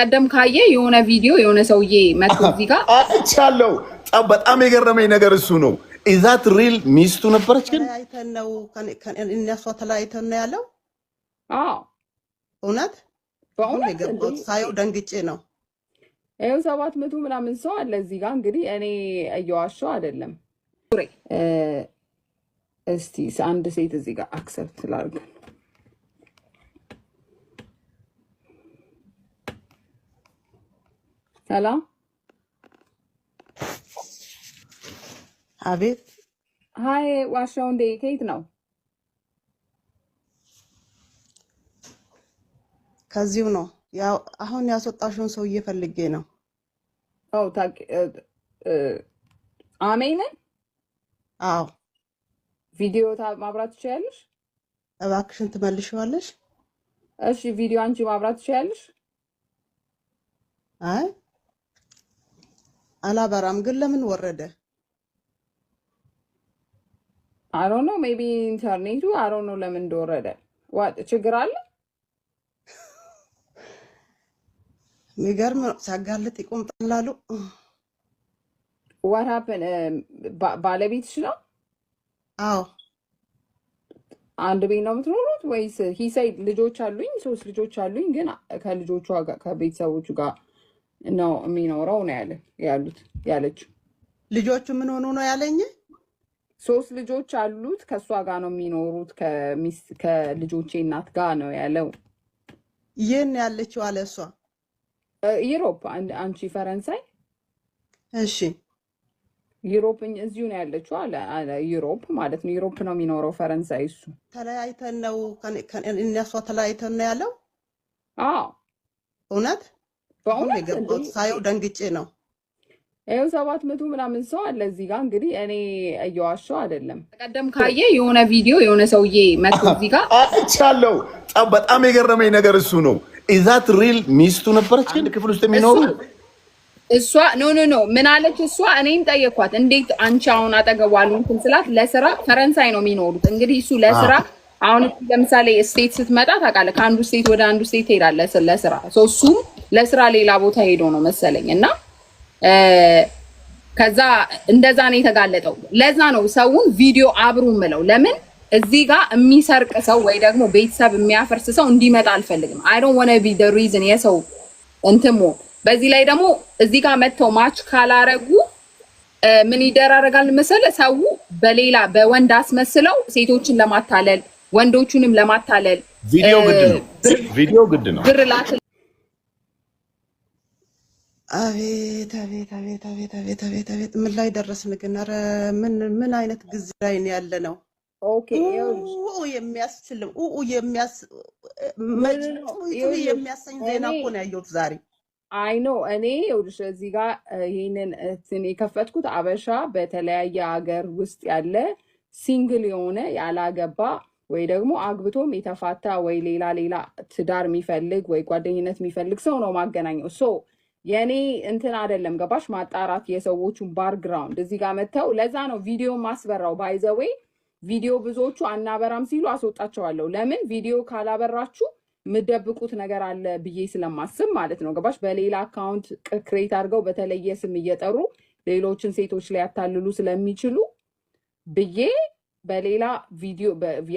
በቀደም ካየ የሆነ ቪዲዮ የሆነ ሰውዬ መጥቶ እዚህ ጋር አይቻለሁ። በጣም የገረመኝ ነገር እሱ ነው። ኢዛት ሪል ሚስቱ ነበረች። ግን ተለያይተን ነው እነሷ ተለያይተን ነው ያለው። እውነት በእውነት ሳየው ደንግጬ ነው። ይኸው ሰባት መቶ ምናምን ሰው አለ እዚህ ጋር እንግዲህ እኔ እየዋሸሁ አይደለም። እስቲ አንድ ሴት እዚህ ጋር አክሰፕት ላድርገን ሰላም አቤት። ሀይ ዋሻው እንዴ ከየት ነው? ከዚሁ ነው። ያው አሁን ያስወጣሽውን ሰው እየፈልጌ ነው። አው ታቂ አሜንን። አዎ ቪዲዮ ማብራት ትችያለሽ? እባክሽን ትመልሽዋለሽ? እሺ ቪዲዮ አንቺ ማብራት ትችያለሽ? አይ አላበራም ግን ለምን ወረደ? አሮ ነው ሜቢ ኢንተርኔቱ አሮ ነው ለምን እንደወረደ። ዋጥ ችግር አለ። ሚገርም ነው። ሲያጋልጥ ይቆምጣላሉ። ዋት ሀፕን ባለቤትሽ ነው? አዎ አንድ ቤት ነው የምትኖሩት ወይስ? ሂሳይ ልጆች አሉኝ፣ ሶስት ልጆች አሉኝ። ግን ከልጆቹ ከቤተሰቦቹ ጋር ነው የሚኖረው ነው ያለ ያሉት ያለችው። ልጆቹ ምን ሆኑ ነው ያለኝ። ሶስት ልጆች አሉት ከእሷ ጋር ነው የሚኖሩት ከልጆቼ እናት ጋር ነው ያለው። ይህን ያለችው አለ እሷ ዩሮፕ፣ አንቺ ፈረንሳይ። እሺ ዩሮፕ እዚሁ ነው ያለችው አለ ዩሮፕ ማለት ነው። ዩሮፕ ነው የሚኖረው ፈረንሳይ። እሱ ተለያይተን ነው እነሷ ተለያይተን ነው ያለው። አዎ እውነት በአሁኑ የገባት ሳየው ደንግጬ ነው። ይኸው ሰባት መቶ ምናምን ሰው አለ እዚህ ጋር። እንግዲህ እኔ እየዋሸሁ አይደለም። ቀደም ካየ የሆነ ቪዲዮ የሆነ ሰውዬ መጥቶ እዚህ ጋር አይቻለሁ። በጣም የገረመኝ ነገር እሱ ነው። ኢዛት ሪል ሚስቱ ነበረች ግን ክፍል ውስጥ የሚኖሩ እሷ ኖ ኖ ኖ ምን አለች እሷ? እኔም ጠየኳት እንዴት አንቺ አሁን አጠገቧ አሉ እንትን ስላት ለስራ ፈረንሳይ ነው የሚኖሩት እንግዲህ እሱ ለስራ አሁን ለምሳሌ ስቴት ስትመጣ ታውቃለህ፣ ከአንዱ ስቴት ወደ አንዱ ስቴት ትሄዳለህ ለስራ። እሱም ለስራ ሌላ ቦታ ሄዶ ነው መሰለኝ እና ከዛ እንደዛ ነው የተጋለጠው። ለዛ ነው ሰውን ቪዲዮ አብሩ ምለው። ለምን እዚህ ጋር የሚሰርቅ ሰው ወይ ደግሞ ቤተሰብ የሚያፈርስ ሰው እንዲመጣ አልፈልግም። አይ ዶንት ዋና ቢ ዘ ሪዝን የሰው እንትሞ። በዚህ ላይ ደግሞ እዚህ ጋር መጥተው ማች ካላረጉ ምን ይደራረጋል መሰለ ሰው በሌላ በወንድ አስመስለው ሴቶችን ለማታለል ወንዶቹንም ለማታለል ቪዲዮ ግድ ነው። ቪዲዮ ግድ ነው። ብር አቤት አቤት አቤት አቤት አቤት አቤት አቤት! ምን ላይ ደረስን ግን? ኧረ ምን ምን አይነት ጊዜ ላይ ነው ያለ ነው? የሚያስችልም የሚያሰኝ ዜና እኮ ነው ያየሁት ዛሬ። አይ ነው እኔ ይኸውልሽ፣ እዚህ ጋር ይህንን እንትን የከፈትኩት አበሻ በተለያየ ሀገር ውስጥ ያለ ሲንግል የሆነ ያላገባ ወይ ደግሞ አግብቶም የተፋታ ወይ ሌላ ሌላ ትዳር የሚፈልግ ወይ ጓደኝነት የሚፈልግ ሰው ነው ማገናኘው። ሶ የእኔ እንትን አይደለም ገባሽ? ማጣራት የሰዎቹን ባርግራውንድ እዚህ ጋር መጥተው ለዛ ነው ቪዲዮ ማስበራው። ባይዘወይ ቪዲዮ ብዙዎቹ አናበራም ሲሉ አስወጣቸዋለሁ። ለምን ቪዲዮ ካላበራችሁ የምደብቁት ነገር አለ ብዬ ስለማስብ ማለት ነው ገባሽ? በሌላ አካውንት ክሬት አድርገው በተለየ ስም እየጠሩ ሌሎችን ሴቶች ላይ ያታልሉ ስለሚችሉ ብዬ በሌላ ቪዲዮ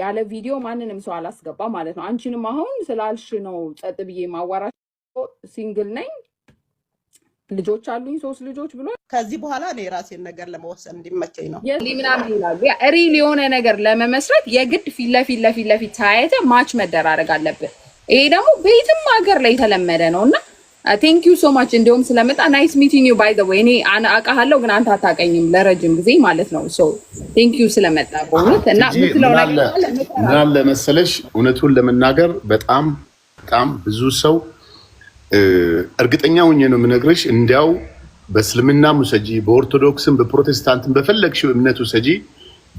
ያለ ቪዲዮ ማንንም ሰው አላስገባ ማለት ነው። አንቺንም አሁን ስላልሽ ነው ጸጥ ብዬ ማዋራት። ሲንግል ነኝ ልጆች አሉኝ ሶስት ልጆች ብሎ ከዚህ በኋላ እኔ የራሴን ነገር ለመወሰን እንዲመቸኝ ነው ምናምን ይላሉ። ሪል የሆነ ነገር ለመመስረት የግድ ፊት ለፊት ለፊት ለፊት ተያየተ ማች መደራረግ አለብን። ይሄ ደግሞ ቤትም ሀገር ላይ የተለመደ ነው እና ቴንክ ዩ ሶ ማች እንዲሁም ስለመጣ ናይስ ሚቲንግ ዩ ባይ ዘ ወይ እኔ አውቃሃለሁ ግን አንተ አታውቀኝም ለረጅም ጊዜ ማለት ነው። ሶ ቴንክ ዩ ስለመጣ በእውነት እና ምን አለ መሰለሽ እውነቱን ለመናገር በጣም በጣም ብዙ ሰው እርግጠኛ ሁኜ ነው የምነግርሽ። እንዲያው በእስልምና ውሰጂ፣ በኦርቶዶክስም፣ በፕሮቴስታንትም በፈለግሽው እምነት ውሰጂ፣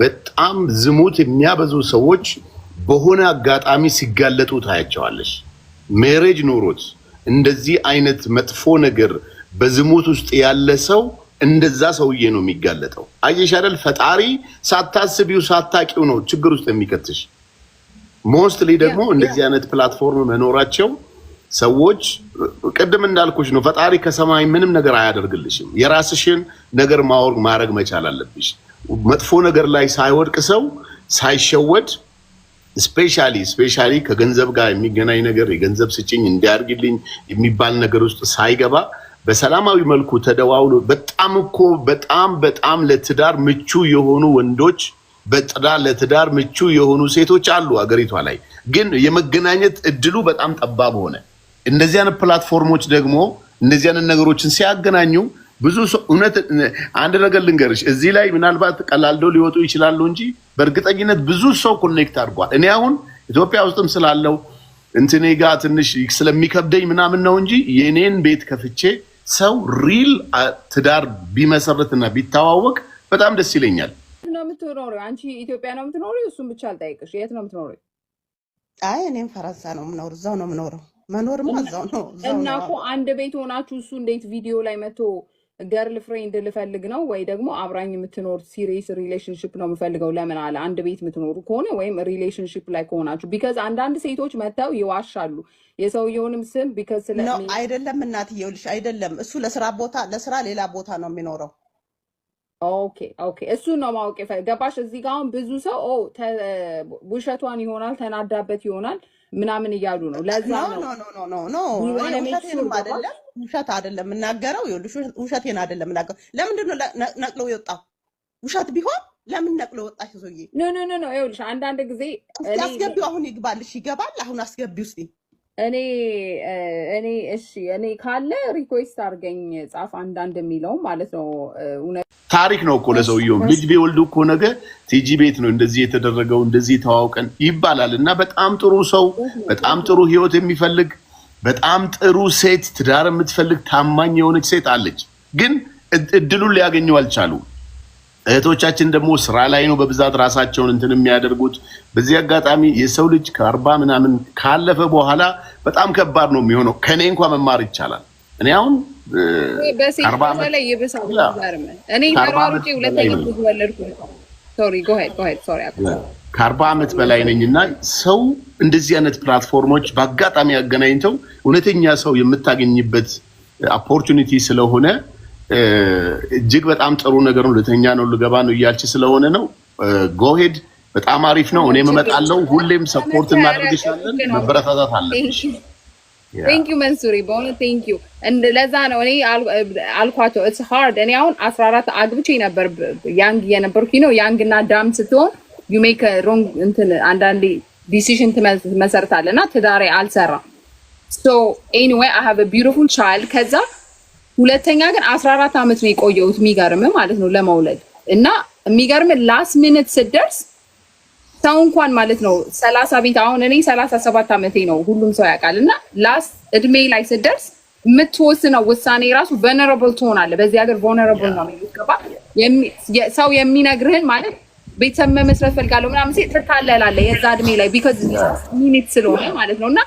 በጣም ዝሙት የሚያበዙ ሰዎች በሆነ አጋጣሚ ሲጋለጡ ታያቸዋለች። ሜሬጅ ኖሮት እንደዚህ አይነት መጥፎ ነገር በዝሙት ውስጥ ያለ ሰው እንደዛ ሰውዬ ነው የሚጋለጠው። አየሽ አይደል? ፈጣሪ ሳታስቢው ሳታቂው ነው ችግር ውስጥ የሚከትሽ። ሞስትሊ ደግሞ እንደዚህ አይነት ፕላትፎርም መኖራቸው ሰዎች ቅድም እንዳልኩሽ ነው። ፈጣሪ ከሰማይ ምንም ነገር አያደርግልሽም። የራስሽን ነገር ማወቅ ማድረግ መቻል አለብሽ። መጥፎ ነገር ላይ ሳይወድቅ ሰው ሳይሸወድ ስፔሻሊ ስፔሻሊ ከገንዘብ ጋር የሚገናኝ ነገር የገንዘብ ስጭኝ እንዲያርግልኝ የሚባል ነገር ውስጥ ሳይገባ በሰላማዊ መልኩ ተደዋውሎ በጣም እኮ በጣም በጣም ለትዳር ምቹ የሆኑ ወንዶች በጥዳ ለትዳር ምቹ የሆኑ ሴቶች አሉ አገሪቷ ላይ። ግን የመገናኘት እድሉ በጣም ጠባብ ሆነ። እነዚያን ፕላትፎርሞች ደግሞ እነዚያንን ነገሮችን ሲያገናኙ ብዙ ሰው እውነት አንድ ነገር ልንገርሽ፣ እዚህ ላይ ምናልባት ቀላልደው ሊወጡ ይችላሉ እንጂ በእርግጠኝነት ብዙ ሰው ኮኔክት አድርጓል። እኔ አሁን ኢትዮጵያ ውስጥም ስላለው እንትኔ ጋ ትንሽ ስለሚከብደኝ ምናምን ነው እንጂ የኔን ቤት ከፍቼ ሰው ሪል ትዳር ቢመሰረትና ቢተዋወቅ በጣም ደስ ይለኛል። ነው አንቺ ኢትዮጵያ ነው የምትኖሪው? እሱም ብቻ አልጠይቅሽ፣ የት ነው የምትኖሪው? አይ እኔም ፈረንሳ ነው የምኖር፣ እዛው ነው የምኖረው። መኖርማ እዛው ነው። እና እኮ አንድ ቤት ሆናችሁ እሱ እንዴት ቪዲዮ ላይ መቶ ገርል ፍሬንድ ልፈልግ ነው ወይ ደግሞ አብራኝ የምትኖር ሲሪየስ ሪሌሽንሽፕ ነው የምፈልገው። ለምን አለ አንድ ቤት የምትኖሩ ከሆነ ወይም ሪሌሽንሽፕ ላይ ከሆናችሁ፣ ቢካዝ አንዳንድ ሴቶች መጥተው ይዋሻሉ የሰውየውንም ስም ቢካዝ ስለ አይደለም እናትየው ልሽ አይደለም እሱ ለስራ ቦታ ለስራ ሌላ ቦታ ነው የሚኖረው። ኦኬ ኦኬ፣ እሱን ነው ማወቅ ገባሽ። እዚህ ጋ አሁን ብዙ ሰው ውሸቷን ይሆናል ተናዳበት ይሆናል ምናምን እያሉ ነው። ለዛ ነው ነው ነው ነው ነው ነው ውሸት አይደለም የምናገረው፣ ውሸቴን አይደለም የምናገረው። ለምንድን ነው ነቅሎ የወጣው? ውሸት ቢሆን ለምን ነቅሎ ወጣሽ? ሰውዬ ኖ ኖ ኖ ኖ። ይኸውልሽ አንዳንድ ጊዜ አስገቢው አሁን ይግባልሽ፣ ይገባል። አሁን አስገቢው እስኪ እኔ እኔ እሺ እኔ ካለ ሪኩዌስት አድርገኝ ጻፍ። አንዳንድ የሚለው ማለት ነው ታሪክ ነው እኮ ለሰውየው ልጅ ቢወልዱ እኮ ነገ ቲጂ ቤት ነው እንደዚህ የተደረገው እንደዚህ ተዋውቀን ይባላል። እና በጣም ጥሩ ሰው በጣም ጥሩ ህይወት የሚፈልግ በጣም ጥሩ ሴት ትዳር የምትፈልግ ታማኝ የሆነች ሴት አለች፣ ግን እድሉን ሊያገኙ አልቻሉ። እህቶቻችን ደግሞ ስራ ላይ ነው በብዛት ራሳቸውን እንትን የሚያደርጉት። በዚህ አጋጣሚ የሰው ልጅ ከአርባ ምናምን ካለፈ በኋላ በጣም ከባድ ነው የሚሆነው። ከእኔ እንኳ መማር ይቻላል። እኔ አሁን በሴት ላይ ከአርባ ዓመት በላይ ነኝ እና ሰው እንደዚህ አይነት ፕላትፎርሞች በአጋጣሚ አገናኝተው እውነተኛ ሰው የምታገኝበት ኦፖርቹኒቲ ስለሆነ እጅግ በጣም ጥሩ ነገር ነው። ልተኛ ነው ልገባ ነው እያልች ስለሆነ ነው። ጎሄድ በጣም አሪፍ ነው። እኔም እመጣለሁ። ሁሌም ሰፖርት እናደርግሻለን። መበረታታት አለ። ቴንክ ዩ መንሱሪ፣ በእውነት ቴንክ ዩ። ለዛ ነው እኔ አልኳቸው ኢትስ ሃርድ። እኔ አሁን አስራ አራት አግብቼ ነበር ያንግ እየነበርኩ ነው። ያንግ እና ዳም ስትሆን ዩ ሜክ ሮንግ እንትን አንዳንዴ ዲሲሽን ትመሰርታለህ እና ትዳሬ አልሰራም። ሶ ኤኒዌይ አይ ሃቭ ቢዩቲፉል ቻይልድ። ከዛ ሁለተኛ ግን አስራ አራት ዓመት ነው የቆየሁት የሚገርም ማለት ነው ለመውለድ እና የሚገርም ላስት ሚኒት ስደርስ ሰው እንኳን ማለት ነው ሰላሳ ቤት አሁን እኔ ሰላሳ ሰባት ዓመቴ ነው ሁሉም ሰው ያውቃል። እና ላስት እድሜ ላይ ስደርስ የምትወስነው ውሳኔ ራሱ ቨነረብል ትሆናለህ። በዚህ ሀገር ቨነረብል ነው የሚገባ ሰው የሚነግርህን ማለት ቤተሰብ መመስረት ፈልጋለሁ ምናምን ሲል ትታለላለህ የዛ እድሜ ላይ ቢካዝ ሚኒት ስለሆነ ማለት ነው እና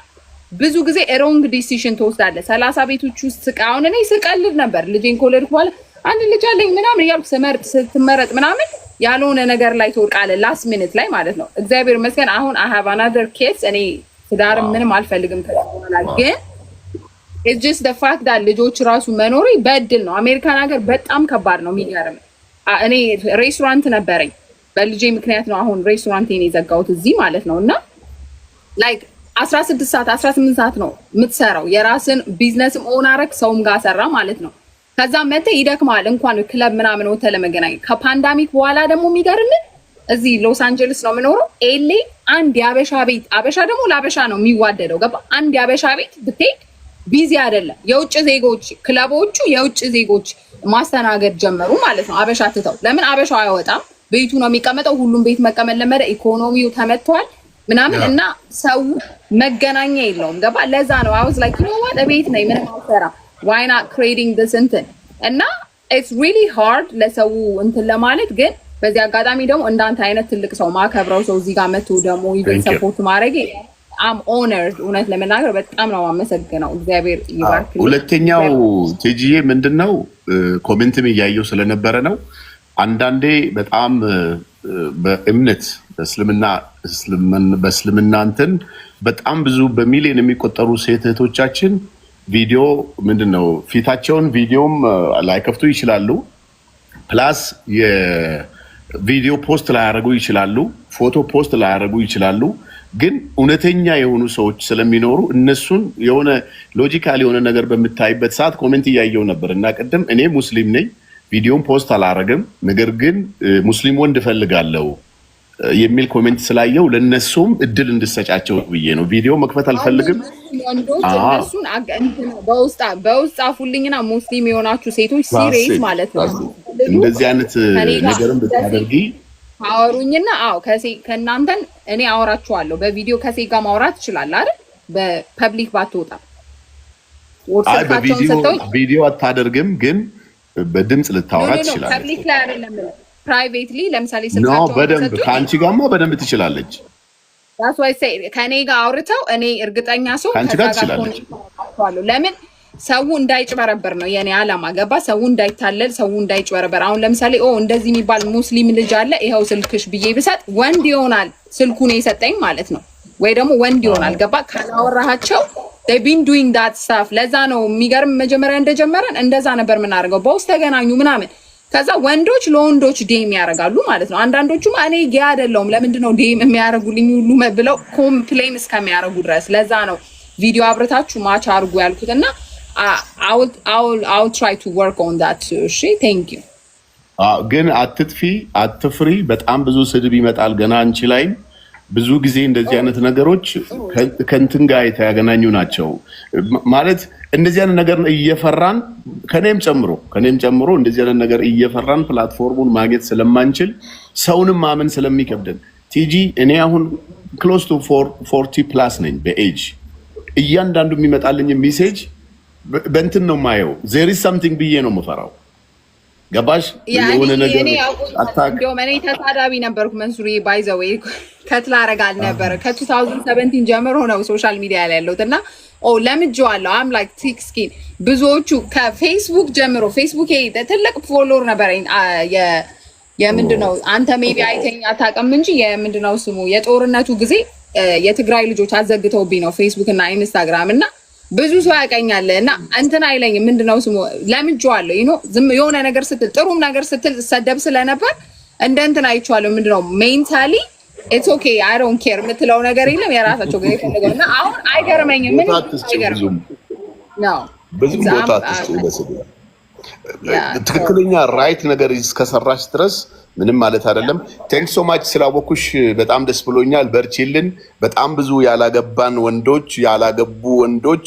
ብዙ ጊዜ ሮንግ ዲሲሽን ትወስዳለህ። ሰላሳ ቤቶች ውስጥ ስቃ አሁን እኔ ስቀልድ ነበር ልጄን ከወለድኩ በኋላ አንድ ልጅ አለኝ ምናምን እያልኩ ስመርጥ ስትመረጥ ምናምን ያልሆነ ነገር ላይ ትወድቃለህ፣ ላስት ሚኒት ላይ ማለት ነው። እግዚአብሔር ይመስገን አሁን አይ ሃቭ አናዘር ኬስ እኔ ትዳር ምንም አልፈልግም ተላል ግን ኢትስ ጀስት ዘ ፋክት ዳት ልጆች ራሱ መኖሪ በድል ነው። አሜሪካን ሀገር በጣም ከባድ ነው። የሚገርም እኔ ሬስቶራንት ነበረኝ በልጄ ምክንያት ነው አሁን ሬስቶራንቴን የዘጋሁት እዚህ ማለት ነው። እና ላይክ 16 ሰዓት 18 ሰዓት ነው የምትሰራው። የራስን ቢዝነስም ኦን አረክ ሰውም ጋር ሰራ ማለት ነው። ከዛ መተ ይደክማል እንኳን ክለብ ምናምን ወተ ለመገናኘት ከፓንዳሚክ በኋላ ደግሞ የሚገርምን እዚህ ሎስ አንጀለስ ነው የምኖረው። ኤሌ አንድ የአበሻ ቤት አበሻ ደግሞ ለአበሻ ነው የሚዋደደው ገባ። አንድ የአበሻ ቤት ብትሄድ ቢዚ አይደለም። የውጭ ዜጎች ክለቦቹ የውጭ ዜጎች ማስተናገድ ጀመሩ ማለት ነው። አበሻ ትተው ለምን አበሻው አይወጣም ቤቱ ነው የሚቀመጠው። ሁሉም ቤት መቀመጥ ለመደ። ኢኮኖሚው ተመቷል ምናምን እና ሰው መገናኛ የለውም። ገባ ለዛ ነው አውዝ ላይ ኪኖዋ ቤት ነኝ ምንም አልሰራ ዋይና ክሬዲንግ ዲስ እንትን እና ኢትስ ሪሊ ሃርድ ለሰው እንትን ለማለት ግን በዚህ አጋጣሚ ደግሞ እንዳንተ አይነት ትልቅ ሰው ማከብረው ሰው እዚህ ጋር መጥቶ ደግሞ ኢቨን ሰፖርት ማድረግ አም ኦነር እውነት ለመናገር በጣም ነው አመሰግነው። እግዚአብሔር ይባርክ። ሁለተኛው ቲጂዬ ምንድን ነው ኮሜንትም እያየው ስለነበረ ነው አንዳንዴ በጣም በእምነት በእስልምና እንትን በጣም ብዙ በሚሊዮን የሚቆጠሩ ሴት እህቶቻችን ቪዲዮ ምንድን ነው ፊታቸውን ቪዲዮም ላይከፍቱ ይችላሉ። ፕላስ የቪዲዮ ፖስት ላያደርጉ ይችላሉ፣ ፎቶ ፖስት ላያደርጉ ይችላሉ። ግን እውነተኛ የሆኑ ሰዎች ስለሚኖሩ እነሱን የሆነ ሎጂካል የሆነ ነገር በምታይበት ሰዓት ኮሜንት እያየው ነበር እና ቅድም እኔ ሙስሊም ነኝ ቪዲዮን ፖስት አላረግም፣ ነገር ግን ሙስሊም ወንድ እፈልጋለሁ የሚል ኮሜንት ስላየው ለነሱም እድል እንድሰጫቸው ብዬ ነው። ቪዲዮ መክፈት አልፈልግም። በውስጥ አፉልኝና ሙስሊም የሆናችሁ ሴቶች ሲሬት ማለት ነው እንደዚህ አይነት ነገርም ብታደርጊ አወሩኝና፣ አዎ ከእናንተን እኔ አወራችኋለሁ። በቪዲዮ ከሴ ጋር ማውራት ትችላለህ አይደል? በፐብሊክ ባትወጣ ቪዲዮ አታደርግም ግን በድምፅ ልታወራ ትችላለች። በደንብ ከአንቺ ጋማ በደንብ ትችላለች። ከእኔ ጋር አውርተው እኔ እርግጠኛ ሰው ከአንቺ ጋር ትችላለች። ለምን ሰው እንዳይጭበረበር ነው የኔ አላማ። ገባ? ሰው እንዳይታለል፣ ሰው እንዳይጭበረበር። አሁን ለምሳሌ ኦ እንደዚህ የሚባል ሙስሊም ልጅ አለ ይኸው ስልክሽ ብዬ ብሰጥ ወንድ ይሆናል ስልኩን የሰጠኝ ማለት ነው፣ ወይ ደግሞ ወንድ ይሆናል። ገባ? ካላወራሃቸው ቢን ዱዊንግ ዳት ስታፍ። ለዛ ነው የሚገርም መጀመሪያ እንደጀመረን እንደዛ ነበር የምናደርገው። በውስጥ ተገናኙ ምናምን፣ ከዛ ወንዶች ለወንዶች ዴም ያደርጋሉ ማለት ነው። አንዳንዶቹም እኔ ጌ አይደለሁም ለምንድን ነው ዴም የሚያደርጉልኝ ሁሉ ብለው ኮምፕሌን እስከሚያደርጉ ድረስ። ለዛ ነው ቪዲዮ አብረታችሁ ማች አድርጉ ያልኩት እና ትራይ ቱ ወርክ ኦን ዳት። እሺ ቴንክ ዩ። ግን አትጥፊ፣ አትፍሪ። በጣም ብዙ ስድብ ይመጣል ገና አንቺ ላይም ብዙ ጊዜ እንደዚህ አይነት ነገሮች ከእንትን ጋር የተያገናኙ ናቸው። ማለት እንደዚህ አይነት ነገር እየፈራን ከኔም ጨምሮ ከኔም ጨምሮ እንደዚህ አይነት ነገር እየፈራን ፕላትፎርሙን ማግኘት ስለማንችል ሰውንም ማመን ስለሚከብደን ቲጂ እኔ አሁን ክሎስ ቱ ፎርቲ ፕላስ ነኝ በኤጅ እያንዳንዱ የሚመጣልኝ ሚሴጅ በእንትን ነው ማየው ዜሪስ ሳምቲንግ ብዬ ነው የምፈራው። ገባሽ? የሆነ ነገር እንደውም እኔ ተሳዳቢ ነበርኩ። መንሱሪ ባይዘዌ ከትላ አረጋል ነበር ከ2017 ጀምሮ ነው ሶሻል ሚዲያ ላይ ያለሁት እና ለምጄዋለሁ። አም ላይክ ቲክ ስኪን ብዙዎቹ ከፌስቡክ ጀምሮ ፌስቡክ ትልቅ ፎሎር ነበረኝ። የምንድነው አንተ ሜቢ አይተኝ አታውቅም እንጂ የምንድነው ስሙ የጦርነቱ ጊዜ የትግራይ ልጆች አዘግተውብኝ ነው ፌስቡክ እና ኢንስታግራም እና ብዙ ሰው ያቀኛል እና እንትን አይለኝም። ምንድነው ስሙ ለምጄዋለሁ። ይኖ ዝም የሆነ ነገር ስትል ጥሩም ነገር ስትል ሰደብ ስለነበር እንደ እንትን አይቼዋለሁ። ምንድነው ሜንታሊ ኢትስ ኦኬ አይ ዶንት ኬር የምትለው ነገር የለም። የራሳቸው ግን የፈለገው እና አሁን አይገርመኝም። ምን አይገርመኝም ነው ብዙ ቦታ um, አትስጡ uh, ትክክለኛ ራይት ነገር እስከሰራች ድረስ ምንም ማለት አይደለም። ቴንክ ሶ ማች ስላወኩሽ በጣም ደስ ብሎኛል። በርቺልን። በጣም ብዙ ያላገባን ወንዶች ያላገቡ ወንዶች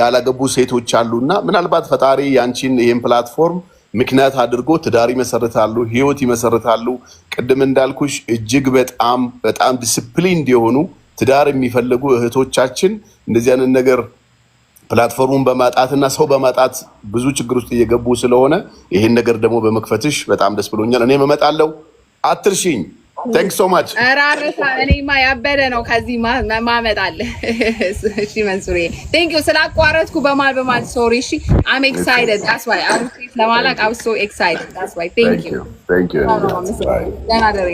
ያላገቡ ሴቶች እና ምናልባት ፈጣሪ ያንቺን ይህን ፕላትፎርም ምክንያት አድርጎ ትዳር ይመሰርታሉ፣ ህይወት ይመሰርታሉ። ቅድም እንዳልኩሽ እጅግ በጣም በጣም ዲስፕሊን የሆኑ ትዳር የሚፈልጉ እህቶቻችን እንደዚህ አይነት ነገር ፕላትፎርሙን በማጣት እና ሰው በማጣት ብዙ ችግር ውስጥ እየገቡ ስለሆነ ይሄን ነገር ደግሞ በመክፈትሽ በጣም ደስ ብሎኛል። እኔም እመጣለሁ፣ አትርሽኝ። ታንክ ሶ ማች ራረሳ እኔማ ያበደ ነው ከዚህ ማመጣል። እሺ መንሱሬ ታንክ ዩ ስላቋረጥኩ በማል በማል ሶሪ። እሺ አም ኤክሳይትድ ዳስ ዋይ አም ለማላቅ አም ሶ ኤክሳይትድ ዳስ ዋይ ታንክ ዩ ታንክ ዩ ደህና ደሬ